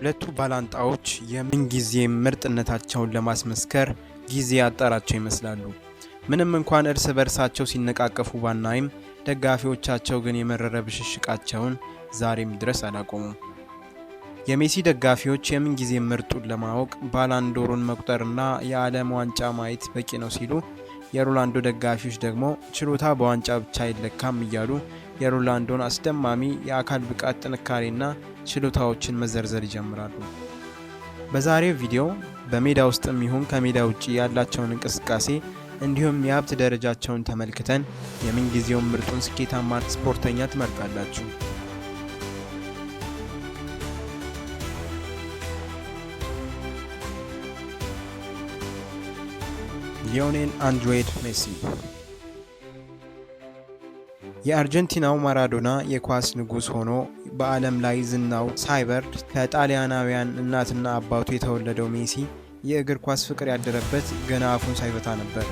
ሁለቱ ባላንጣዎች ጊዜ ምርጥነታቸውን ለማስመስከር ጊዜ ያጠራቸው ይመስላሉ። ምንም እንኳን እርስ በርሳቸው ሲነቃቀፉ ባናይም፣ ደጋፊዎቻቸው ግን የመረረ ብሽሽቃቸውን ዛሬም ድረስ አላቆሙም። የሜሲ ደጋፊዎች ጊዜ ምርጡን ለማወቅ ባላንዶሩን መቁጠርና የዓለም ዋንጫ ማየት በቂ ነው ሲሉ፣ የሮላንዶ ደጋፊዎች ደግሞ ችሎታ በዋንጫ ብቻ አይለካም እያሉ የሮላንዶን አስደማሚ የአካል ብቃት ጥንካሬና ችሎታዎችን መዘርዘር ይጀምራሉ። በዛሬው ቪዲዮ በሜዳ ውስጥም ይሁን ከሜዳ ውጭ ያላቸውን እንቅስቃሴ እንዲሁም የሀብት ደረጃቸውን ተመልክተን የምንጊዜውን ምርጡን ስኬታማ ስፖርተኛ ትመርጣላችሁ። ሊዮኔል አንድሬድ ሜሲ የአርጀንቲናው ማራዶና የኳስ ንጉስ ሆኖ በዓለም ላይ ዝናው ሳይበርድ ከጣሊያናውያን እናትና አባቱ የተወለደው ሜሲ የእግር ኳስ ፍቅር ያደረበት ገና አፉን ሳይፈታ ነበር።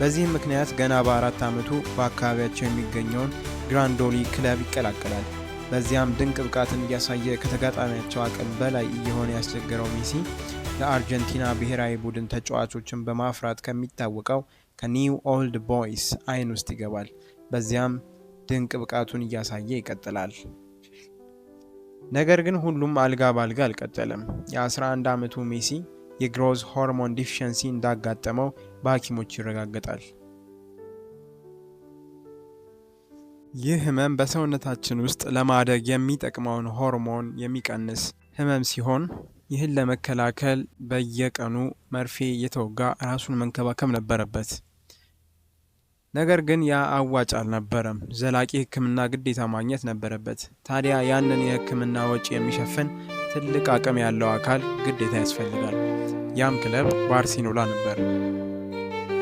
በዚህም ምክንያት ገና በአራት ዓመቱ በአካባቢያቸው የሚገኘውን ግራንዶሊ ክለብ ይቀላቀላል። በዚያም ድንቅ ብቃትን እያሳየ ከተጋጣሚያቸው አቅም በላይ እየሆነ ያስቸገረው ሜሲ ለአርጀንቲና ብሔራዊ ቡድን ተጫዋቾችን በማፍራት ከሚታወቀው ከኒው ኦልድ ቦይስ አይን ውስጥ ይገባል። በዚያም ድንቅ ብቃቱን እያሳየ ይቀጥላል። ነገር ግን ሁሉም አልጋ ባልጋ አልቀጠለም። የ11 ዓመቱ ሜሲ የግሮዝ ሆርሞን ዲፊሸንሲ እንዳጋጠመው በሐኪሞች ይረጋገጣል። ይህ ህመም በሰውነታችን ውስጥ ለማደግ የሚጠቅመውን ሆርሞን የሚቀንስ ህመም ሲሆን ይህን ለመከላከል በየቀኑ መርፌ እየተወጋ ራሱን መንከባከብ ነበረበት። ነገር ግን ያ አዋጭ አልነበረም። ዘላቂ ሕክምና ግዴታ ማግኘት ነበረበት። ታዲያ ያንን የሕክምና ወጪ የሚሸፍን ትልቅ አቅም ያለው አካል ግዴታ ያስፈልጋል። ያም ክለብ ባርሴሎና ነበር።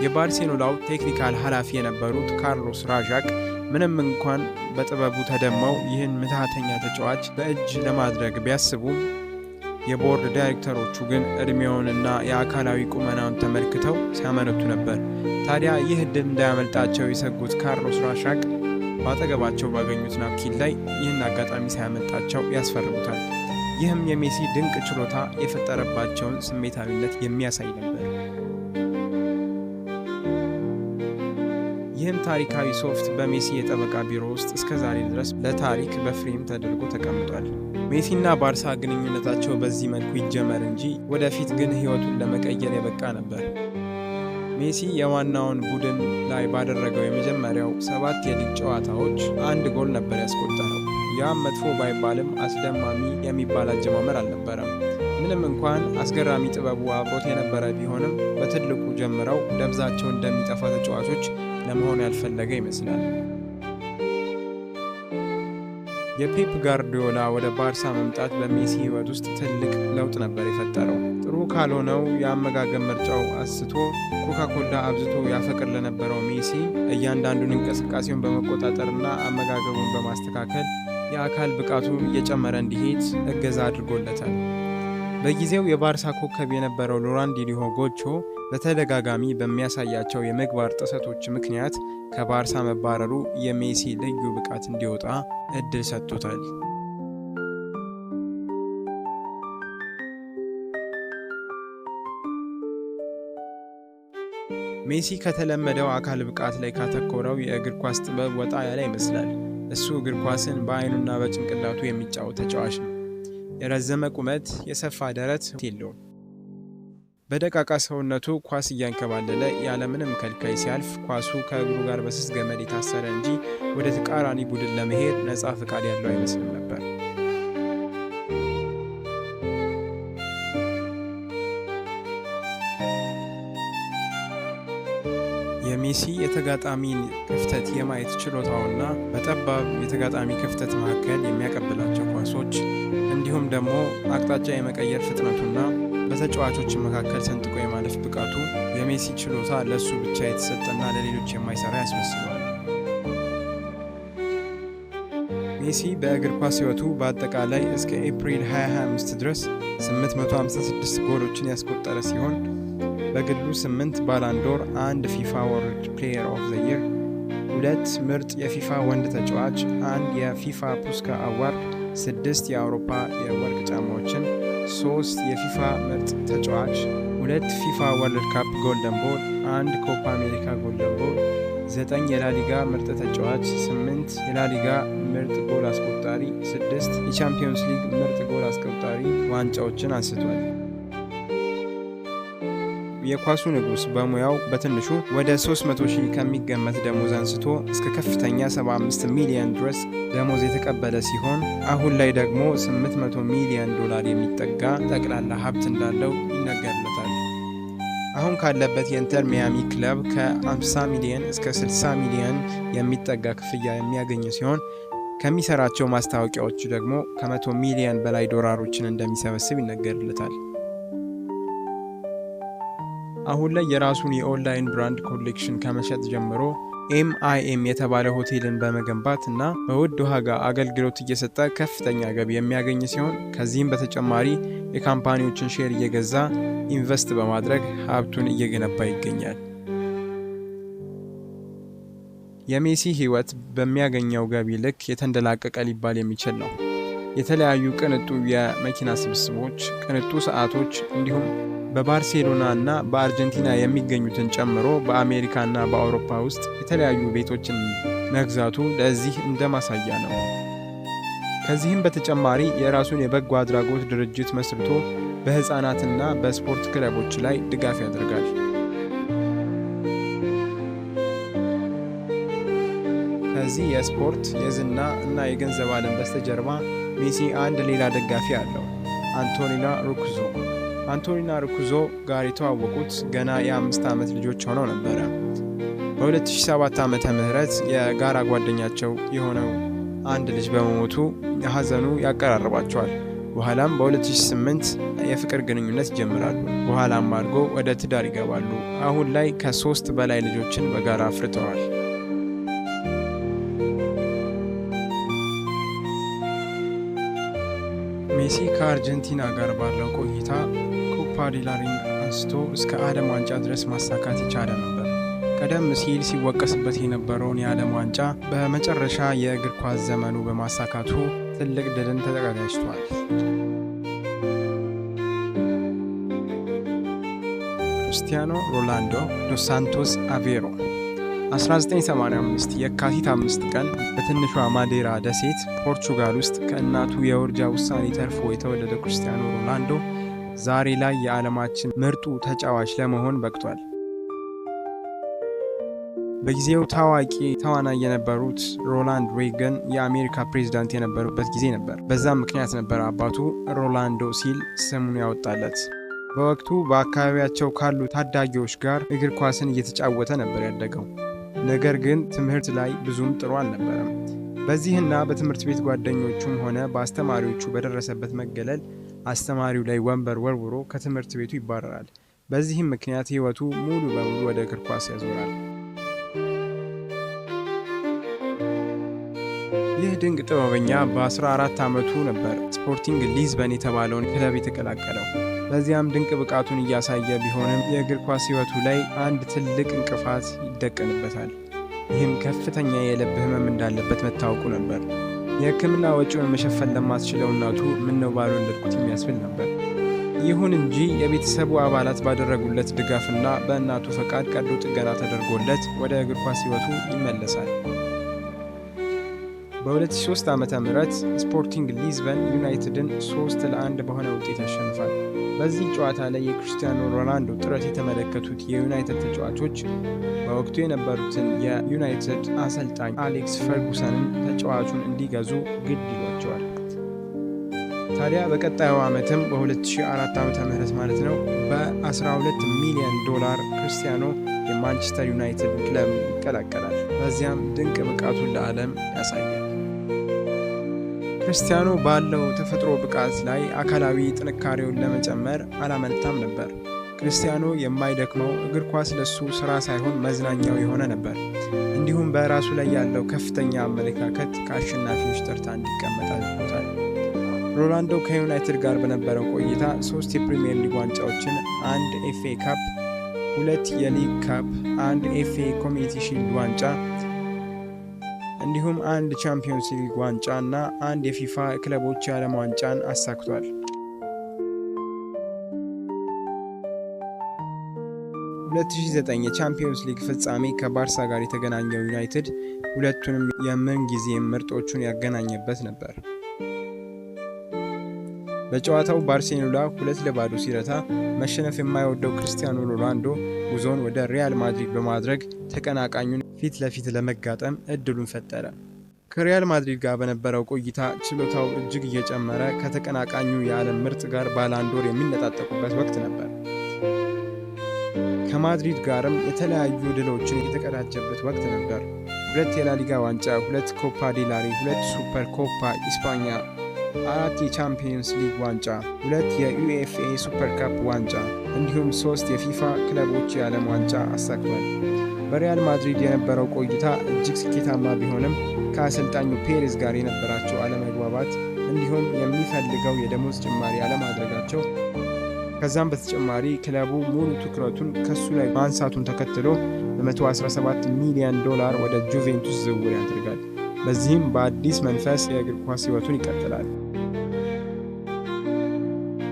የባርሴሎናው ቴክኒካል ኃላፊ የነበሩት ካርሎስ ራዣቅ ምንም እንኳን በጥበቡ ተደመው ይህን ምትሃተኛ ተጫዋች በእጅ ለማድረግ ቢያስቡም የቦርድ ዳይሬክተሮቹ ግን ዕድሜውንና የአካላዊ ቁመናውን ተመልክተው ሲያመነቱ ነበር። ታዲያ ይህ ዕድል እንዳያመልጣቸው የሰጉት ካርሎስ ራሻቅ በአጠገባቸው ባገኙት ናፕኪን ላይ ይህን አጋጣሚ ሳያመልጣቸው ያስፈርጉታል። ይህም የሜሲ ድንቅ ችሎታ የፈጠረባቸውን ስሜታዊነት የሚያሳይ ነበር። ይህም ታሪካዊ ሶፍት በሜሲ የጠበቃ ቢሮ ውስጥ እስከ ዛሬ ድረስ ለታሪክ በፍሬም ተደርጎ ተቀምጧል። ሜሲና ባርሳ ግንኙነታቸው በዚህ መልኩ ይጀመር እንጂ ወደፊት ግን ሕይወቱን ለመቀየር የበቃ ነበር። ሜሲ የዋናውን ቡድን ላይ ባደረገው የመጀመሪያው ሰባት የሊግ ጨዋታዎች አንድ ጎል ነበር ያስቆጠረው። ያም መጥፎ ባይባልም አስደማሚ የሚባል አጀማመር አልነበረም። ምንም እንኳን አስገራሚ ጥበቡ አብሮት የነበረ ቢሆንም በትልቁ ጀምረው ደብዛቸው እንደሚጠፋ ተጫዋቾች ለመሆን ያልፈለገ ይመስላል። የፔፕ ጋርዲዮላ ወደ ባርሳ መምጣት በሜሲ ሕይወት ውስጥ ትልቅ ለውጥ ነበር የፈጠረው። ጥሩ ካልሆነው የአመጋገብ ምርጫው አስቶ ኮካኮላ አብዝቶ ያፈቅር ለነበረው ሜሲ እያንዳንዱን እንቅስቃሴውን በመቆጣጠርና አመጋገቡን በማስተካከል የአካል ብቃቱ እየጨመረ እንዲሄድ እገዛ አድርጎለታል። በጊዜው የባርሳ ኮከብ የነበረው ሎራን ዲኒሆ ጎቾ በተደጋጋሚ በሚያሳያቸው የምግባር ጥሰቶች ምክንያት ከባርሳ መባረሩ የሜሲ ልዩ ብቃት እንዲወጣ እድል ሰጥቶታል። ሜሲ ከተለመደው አካል ብቃት ላይ ካተኮረው የእግር ኳስ ጥበብ ወጣ ያለ ይመስላል። እሱ እግር ኳስን በአይኑና በጭንቅላቱ የሚጫወት ተጫዋች ነው። የረዘመ ቁመት፣ የሰፋ ደረት የለውም። በደቃቃ ሰውነቱ ኳስ እያንከባለለ ያለምንም ከልካይ ሲያልፍ ኳሱ ከእግሩ ጋር በስስ ገመድ የታሰረ እንጂ ወደ ተቃራኒ ቡድን ለመሄድ ነፃ ፍቃድ ያለው አይመስልም ነበር። በሜሲ የተጋጣሚን ክፍተት የማየት ችሎታውና በጠባብ የተጋጣሚ ክፍተት መካከል የሚያቀብላቸው ኳሶች እንዲሁም ደግሞ አቅጣጫ የመቀየር ፍጥነቱና በተጫዋቾች መካከል ሰንጥቆ የማለፍ ብቃቱ የሜሲ ችሎታ ለእሱ ብቻ የተሰጠና ለሌሎች የማይሰራ ያስመስለዋል። ሜሲ በእግር ኳስ ሕይወቱ በአጠቃላይ እስከ ኤፕሪል 2025 ድረስ 856 ጎሎችን ያስቆጠረ ሲሆን በግሉ ስምንት ባላንዶር፣ አንድ ፊፋ ወርልድ ፕሌየር ኦፍ ዘ ይር፣ ሁለት ምርጥ የፊፋ ወንድ ተጫዋች፣ አንድ የፊፋ ፑስካ አዋርድ፣ ስድስት የአውሮፓ የወርቅ ጫማዎችን፣ ሶስት የፊፋ ምርጥ ተጫዋች፣ ሁለት ፊፋ ወርልድ ካፕ ጎልደን ቦል፣ አንድ ኮፓ አሜሪካ ጎልደን ቦል፣ ዘጠኝ የላሊጋ ምርጥ ተጫዋች፣ ስምንት የላሊጋ ምርጥ ጎል አስቆጣሪ፣ ስድስት የቻምፒዮንስ ሊግ ምርጥ ጎል አስቆጣሪ ዋንጫዎችን አንስቷል። የኳሱ ንጉሥ በሙያው በትንሹ ወደ 300 ሺህ ከሚገመት ደሞዝ አንስቶ እስከ ከፍተኛ 75 ሚሊዮን ድረስ ደሞዝ የተቀበለ ሲሆን አሁን ላይ ደግሞ 800 ሚሊዮን ዶላር የሚጠጋ ጠቅላላ ሀብት እንዳለው ይነገርለታል። አሁን ካለበት የኢንተር ሚያሚ ክለብ ከ50 ሚሊዮን እስከ 60 ሚሊዮን የሚጠጋ ክፍያ የሚያገኝ ሲሆን ከሚሰራቸው ማስታወቂያዎቹ ደግሞ ከ100 ሚሊዮን በላይ ዶላሮችን እንደሚሰበስብ ይነገርለታል። አሁን ላይ የራሱን የኦንላይን ብራንድ ኮሌክሽን ከመሸጥ ጀምሮ ኤምአይኤም የተባለ ሆቴልን በመገንባት እና በውድ ዋጋ አገልግሎት እየሰጠ ከፍተኛ ገቢ የሚያገኝ ሲሆን ከዚህም በተጨማሪ የካምፓኒዎችን ሼር እየገዛ ኢንቨስት በማድረግ ሀብቱን እየገነባ ይገኛል። የሜሲ ህይወት በሚያገኘው ገቢ ልክ የተንደላቀቀ ሊባል የሚችል ነው። የተለያዩ ቅንጡ የመኪና ስብስቦች፣ ቅንጡ ሰዓቶች እንዲሁም በባርሴሎና እና በአርጀንቲና የሚገኙትን ጨምሮ በአሜሪካና በአውሮፓ ውስጥ የተለያዩ ቤቶችን መግዛቱ ለዚህ እንደ ማሳያ ነው። ከዚህም በተጨማሪ የራሱን የበጎ አድራጎት ድርጅት መስርቶ በሕፃናትና በስፖርት ክለቦች ላይ ድጋፍ ያደርጋል። ከዚህ የስፖርት የዝና እና የገንዘብ ዓለም በስተጀርባ ሜሲ አንድ ሌላ ደጋፊ አለው፣ አንቶኒና ሩክዞ አንቶኒና ርኩዞ ጋር የተዋወቁት ገና የአምስት ዓመት ልጆች ሆነው ነበረ። በ2007 ዓመተ ምህረት የጋራ ጓደኛቸው የሆነው አንድ ልጅ በመሞቱ ሀዘኑ ያቀራርባቸዋል። በኋላም በ2008 የፍቅር ግንኙነት ይጀምራሉ። በኋላም አድጎ ወደ ትዳር ይገባሉ። አሁን ላይ ከሶስት በላይ ልጆችን በጋራ አፍርተዋል። ሜሲ ከአርጀንቲና ጋር ባለው ቆይታ ስፓዲላሪን አንስቶ እስከ ዓለም ዋንጫ ድረስ ማሳካት ይቻለ ነበር። ቀደም ሲል ሲወቀስበት የነበረውን የዓለም ዋንጫ በመጨረሻ የእግር ኳስ ዘመኑ በማሳካቱ ትልቅ ድልን ተዘጋጅቷል። ክርስቲያኖ ሮላንዶ ዶስ ሳንቶስ አቬሮ 1985 የካቲት 5 ቀን በትንሿ ማዴራ ደሴት ፖርቹጋል ውስጥ ከእናቱ የውርጃ ውሳኔ ተርፎ የተወለደ ክርስቲያኖ ሮላንዶ ዛሬ ላይ የዓለማችን ምርጡ ተጫዋች ለመሆን በቅቷል። በጊዜው ታዋቂ ተዋናይ የነበሩት ሮናልድ ሬገን የአሜሪካ ፕሬዝዳንት የነበሩበት ጊዜ ነበር። በዛም ምክንያት ነበር አባቱ ሮላንዶ ሲል ስሙን ያወጣለት። በወቅቱ በአካባቢያቸው ካሉ ታዳጊዎች ጋር እግር ኳስን እየተጫወተ ነበር ያደገው። ነገር ግን ትምህርት ላይ ብዙም ጥሩ አልነበረም። በዚህና በትምህርት ቤት ጓደኞቹም ሆነ በአስተማሪዎቹ በደረሰበት መገለል አስተማሪው ላይ ወንበር ወርውሮ ከትምህርት ቤቱ ይባረራል። በዚህም ምክንያት ህይወቱ ሙሉ በሙሉ ወደ እግር ኳስ ያዞራል። ይህ ድንቅ ጥበበኛ በ14 ዓመቱ ነበር ስፖርቲንግ ሊዝበን የተባለውን ክለብ የተቀላቀለው። በዚያም ድንቅ ብቃቱን እያሳየ ቢሆንም የእግር ኳስ ህይወቱ ላይ አንድ ትልቅ እንቅፋት ይደቀንበታል። ይህም ከፍተኛ የልብ ህመም እንዳለበት መታወቁ ነበር። የህክምና ወጪውን መሸፈን ለማትችለው እናቱ ምን ነው ባሉ እንደድኩት የሚያስብል ነበር። ይሁን እንጂ የቤተሰቡ አባላት ባደረጉለት ድጋፍና በእናቱ ፈቃድ ቀዶ ጥገና ተደርጎለት ወደ እግር ኳስ ሕይወቱ ይመለሳል። በ2003 ዓ ም ስፖርቲንግ ሊዝበን ዩናይትድን 3 ለአንድ በሆነ ውጤት ያሸንፋል። በዚህ ጨዋታ ላይ የክርስቲያኖ ሮናልዶ ጥረት የተመለከቱት የዩናይትድ ተጫዋቾች በወቅቱ የነበሩትን የዩናይትድ አሰልጣኝ አሌክስ ፈርጉሰንን ተጫዋቹን እንዲገዙ ግድ ይሏቸዋል። ታዲያ በቀጣዩ ዓመትም በ2004 ዓ ም ማለት ነው በ12 ሚሊዮን ዶላር ክርስቲያኖ የማንቸስተር ዩናይትድ ክለብ ይቀላቀላል። በዚያም ድንቅ ብቃቱን ለዓለም ያሳያል። ክርስቲያኑ ባለው ተፈጥሮ ብቃት ላይ አካላዊ ጥንካሬውን ለመጨመር አላመነታም ነበር። ክርስቲያኑ የማይደክመው እግር ኳስ ለሱ ስራ ሳይሆን መዝናኛው የሆነ ነበር። እንዲሁም በራሱ ላይ ያለው ከፍተኛ አመለካከት ከአሸናፊዎች ተርታ እንዲቀመጥ አድርጎታል። ሮላንዶ ከዩናይትድ ጋር በነበረው ቆይታ ሶስት የፕሪምየር ሊግ ዋንጫዎችን፣ አንድ ኤፍኤ ካፕ፣ ሁለት የሊግ ካፕ፣ አንድ ኤፍኤ ኮሚኒቲ ሺልድ ዋንጫ እንዲሁም አንድ ቻምፒዮንስ ሊግ ዋንጫ እና አንድ የፊፋ ክለቦች የዓለም ዋንጫን አሳክቷል 209 በ2009 የቻምፒዮንስ ሊግ ፍጻሜ ከባርሳ ጋር የተገናኘው ዩናይትድ ሁለቱንም ጊዜ ምርጦቹን ያገናኘበት ነበር። በጨዋታው ባርሴሎና ሁለት ለባዶ ሲረታ መሸነፍ የማይወደው ክርስቲያኖ ሮናልዶ ጉዞውን ወደ ሪያል ማድሪድ በማድረግ ተቀናቃኙን ፊት ለፊት ለመጋጠም እድሉን ፈጠረ። ከሪያል ማድሪድ ጋር በነበረው ቆይታ ችሎታው እጅግ እየጨመረ ከተቀናቃኙ የዓለም ምርጥ ጋር ባላንዶር የሚነጣጠቁበት ወቅት ነበር። ከማድሪድ ጋርም የተለያዩ ድሎችን የተቀዳጀበት ወቅት ነበር። ሁለት የላሊጋ ዋንጫ፣ ሁለት ኮፓ ዴላሪ፣ ሁለት ሱፐር ኮፓ ኢስፓኛ አራት የቻምፒየንስ ሊግ ዋንጫ፣ ሁለት የዩኤፍኤ ሱፐር ካፕ ዋንጫ እንዲሁም ሶስት የፊፋ ክለቦች የዓለም ዋንጫ አሳክቷል። በሪያል ማድሪድ የነበረው ቆይታ እጅግ ስኬታማ ቢሆንም ከአሰልጣኙ ፔሬዝ ጋር የነበራቸው አለመግባባት እንዲሁም የሚፈልገው የደሞዝ ጭማሪ አለማድረጋቸው ከዛም በተጨማሪ ክለቡ ሙሉ ትኩረቱን ከሱ ላይ ማንሳቱን ተከትሎ በ117 ሚሊዮን ዶላር ወደ ጁቬንቱስ ዝውውር ያደርጋል። በዚህም በአዲስ መንፈስ የእግር ኳስ ሕይወቱን ይቀጥላል።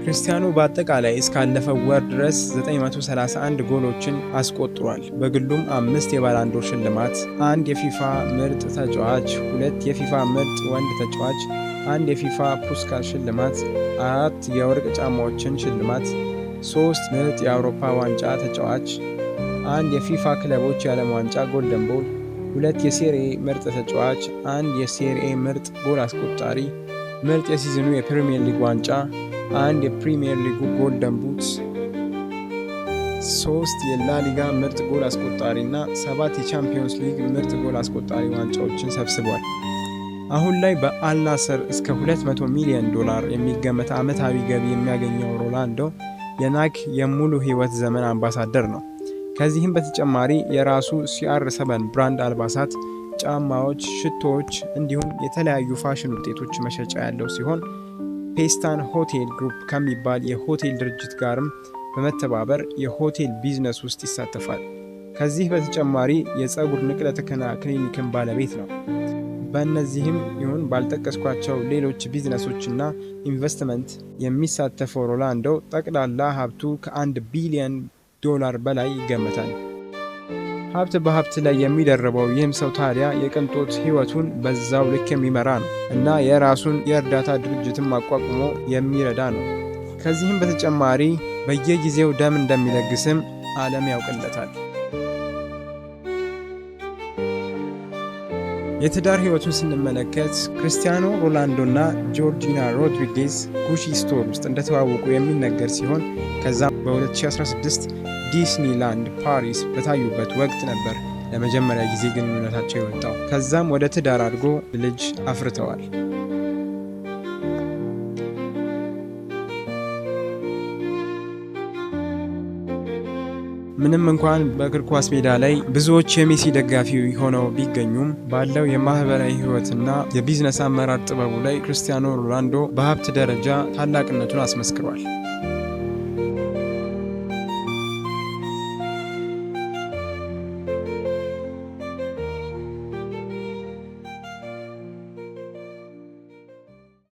ክርስቲያኖ በአጠቃላይ እስካለፈው ወር ድረስ 931 ጎሎችን አስቆጥሯል። በግሉም አምስት የባላንዶር ሽልማት፣ አንድ የፊፋ ምርጥ ተጫዋች፣ ሁለት የፊፋ ምርጥ ወንድ ተጫዋች፣ አንድ የፊፋ ፑስካ ሽልማት፣ አራት የወርቅ ጫማዎችን ሽልማት፣ ሶስት ምርጥ የአውሮፓ ዋንጫ ተጫዋች፣ አንድ የፊፋ ክለቦች የዓለም ዋንጫ ጎልደን ቦል ሁለት የሴሪኤ ምርጥ ተጫዋች፣ አንድ የሴሪኤ ምርጥ ጎል አስቆጣሪ፣ ምርጥ የሲዝኑ የፕሪምየር ሊግ ዋንጫ፣ አንድ የፕሪምየር ሊጉ ጎልደን ቡትስ፣ ሶስት የላሊጋ ምርጥ ጎል አስቆጣሪ እና ሰባት የቻምፒዮንስ ሊግ ምርጥ ጎል አስቆጣሪ ዋንጫዎችን ሰብስቧል። አሁን ላይ በአልናስር እስከ 200 ሚሊዮን ዶላር የሚገመት ዓመታዊ ገቢ የሚያገኘው ሮላንዶ የናክ የሙሉ ሕይወት ዘመን አምባሳደር ነው። ከዚህም በተጨማሪ የራሱ ሲአር ሰበን ብራንድ አልባሳት፣ ጫማዎች፣ ሽቶዎች እንዲሁም የተለያዩ ፋሽን ውጤቶች መሸጫ ያለው ሲሆን ፔስታን ሆቴል ግሩፕ ከሚባል የሆቴል ድርጅት ጋርም በመተባበር የሆቴል ቢዝነስ ውስጥ ይሳተፋል። ከዚህ በተጨማሪ የፀጉር ንቅለ ተከላ ክሊኒክን ባለቤት ነው። በእነዚህም ይሁን ባልጠቀስኳቸው ሌሎች ቢዝነሶችና ኢንቨስትመንት የሚሳተፈው ሮላንዶ ጠቅላላ ሀብቱ ከአንድ ቢሊየን ዶላር በላይ ይገመታል። ሀብት በሀብት ላይ የሚደርበው ይህም ሰው ታዲያ የቅንጦት ህይወቱን በዛው ልክ የሚመራ ነው እና የራሱን የእርዳታ ድርጅትም አቋቁሞ የሚረዳ ነው። ከዚህም በተጨማሪ በየጊዜው ደም እንደሚለግስም ዓለም ያውቅለታል። የትዳር ህይወቱን ስንመለከት ክርስቲያኖ ሮላንዶ ጆርጂና ሮድሪጌዝ ጉሺ ስቶር ውስጥ እንደተዋወቁ የሚነገር ሲሆን ከዛም በ2016 ዲስኒላንድ ፓሪስ በታዩበት ወቅት ነበር ለመጀመሪያ ጊዜ ግንኙነታቸው የወጣው። ከዛም ወደ ትዳር አድጎ ልጅ አፍርተዋል። ምንም እንኳን በእግር ኳስ ሜዳ ላይ ብዙዎች የሜሲ ደጋፊ ሆነው ቢገኙም ባለው የማህበራዊ ህይወትና የቢዝነስ አመራር ጥበቡ ላይ ክርስቲያኖ ሮናልዶ በሀብት ደረጃ ታላቅነቱን አስመስክሯል።